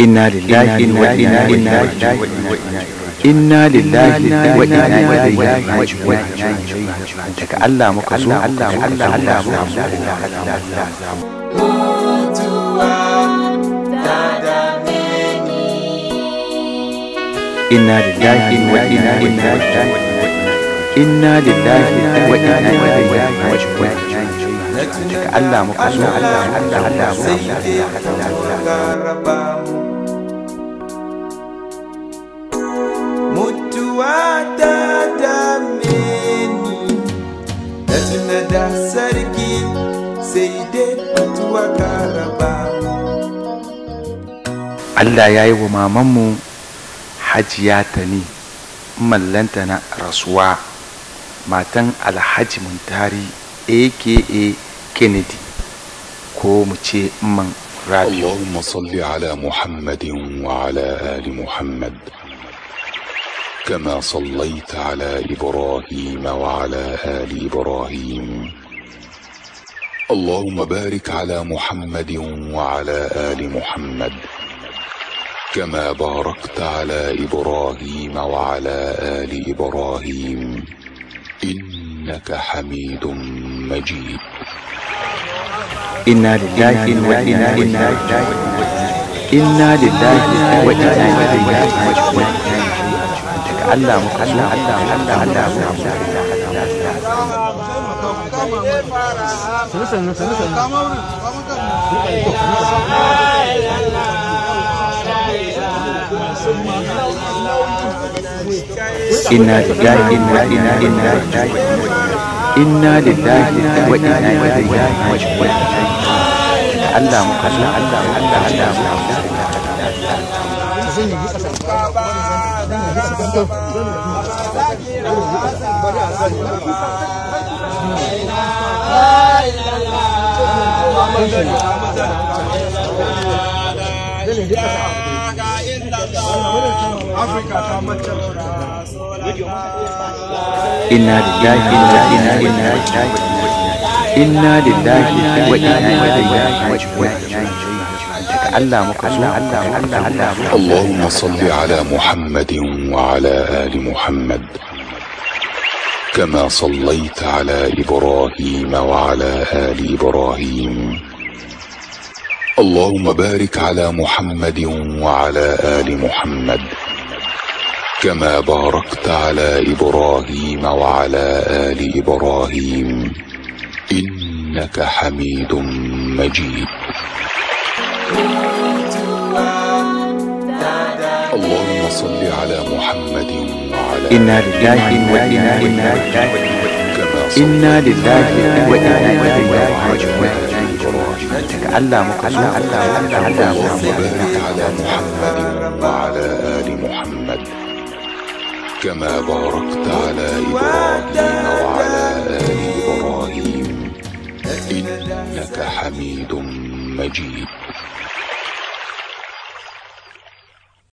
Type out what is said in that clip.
إنا لله وإنا إليه إنا لله وإنا إليه راجعون daga الله muka الله الله الله إنا لله وإنا إليه إنا لله وإنا إليه راجعون الله الله الله الله الله الله Allah sai dai mutuwa Allah ya yi wa mamanmu hajiya ta ne mallanta na rasuwa matan alhaji muntari aka kennedy ko mu ce man rabi Allahumma salli ala muhammadin wa ala ali muhammad كما صليت على إبراهيم وعلى Ali Ibrahim. اللهم بارك على محمد وعلى آل محمد كما باركت على إبراهيم وعلى آل إبراهيم إنك حميد مجيد إنا لله وإنا إليه إنا لله وإنا إليه Allah mu Allah Allah الله Allah sannu sannu sannu na inna lillahi inna inna da inna lillahi wa inna إنا لله وإنا إليه إنا لله وإنا إليه راجعون اللهم صل على محمد وعلى آل محمد كما صليت على إبراهيم وعلى آل إبراهيم اللهم بارك على محمد وعلى آل محمد كما باركت على إبراهيم وعلى آل إبراهيم إنك حميد مجيد اللهم صل على محمد إنا لله وإنا إليه إنا لله وإنا إليه راجعون تجعلنا مكسوف على محمد وعلى آل محمد كما باركت على إبراهيم وعلى آل إبراهيم إنك حميد مجيد